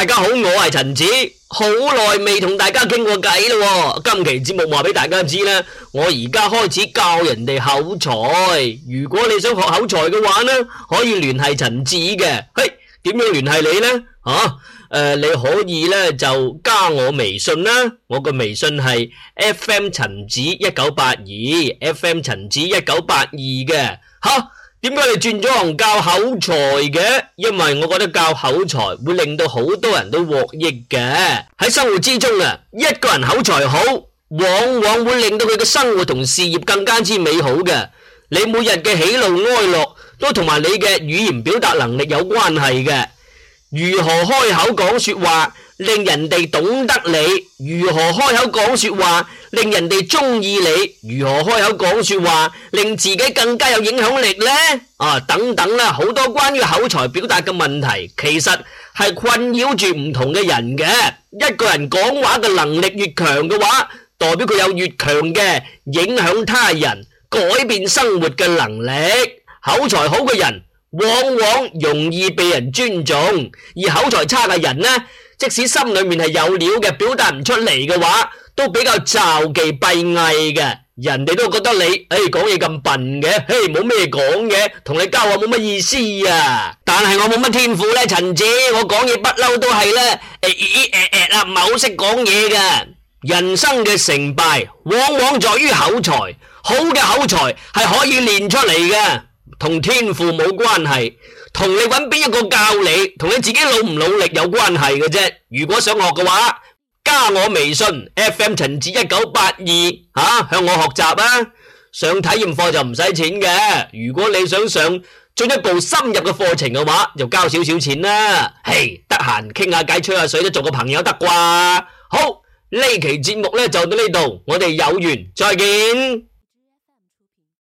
大家好，我係陳子，好耐未同大家傾過偈咯。今期節目話俾大家知咧，我而家開始教人哋口才。如果你想學口才嘅話咧，可以聯繫陳子嘅。嘿，點樣聯繫你呢？吓，誒，你可以咧就加我微信啦。我個微信係 fm 陳子一九八二，fm 陳子一九八二嘅，吓。點解你轉咗行教口才嘅？因為我覺得教口才會令到好多人都獲益嘅。喺生活之中啊，一個人口才好，往往會令到佢嘅生活同事業更加之美好嘅。你每日嘅喜怒哀樂都同埋你嘅語言表達能力有關係嘅。如何開口講說話？令人哋懂得你如何開口講說話，令人哋中意你如何開口講說話，令自己更加有影響力呢？啊，等等啦，好多關於口才表達嘅問題，其實係困擾住唔同嘅人嘅。一個人講話嘅能力越強嘅話，代表佢有越強嘅影響他人、改變生活嘅能力。口才好嘅人往往容易被人尊重，而口才差嘅人呢？即使心裏面係有料嘅，表達唔出嚟嘅話，都比較造忌閉翳嘅。人哋都覺得你，誒、哎、講嘢咁笨嘅，嘿冇咩講嘅，同你交往冇乜意思啊。但係我冇乜天賦咧，陳姐，我講嘢、哎哎哎哎哎哎啊、不嬲都係咧，誒誒誒誒啦，唔係好識講嘢嘅。人生嘅成敗，往往在於口才。好嘅口才係可以練出嚟嘅。同天賦冇關係，同你搵邊一個教你，同你自己努唔努力有關係嘅啫。如果想學嘅話，加我微信 FM 陳志一九八二吓，向我學習啊！上體驗課就唔使錢嘅。如果你想上進一步深入嘅課程嘅話，就交少少錢啦。嘿，得閒傾下偈吹下水都做個朋友得啩？好，呢期節目呢就到呢度，我哋有緣再見。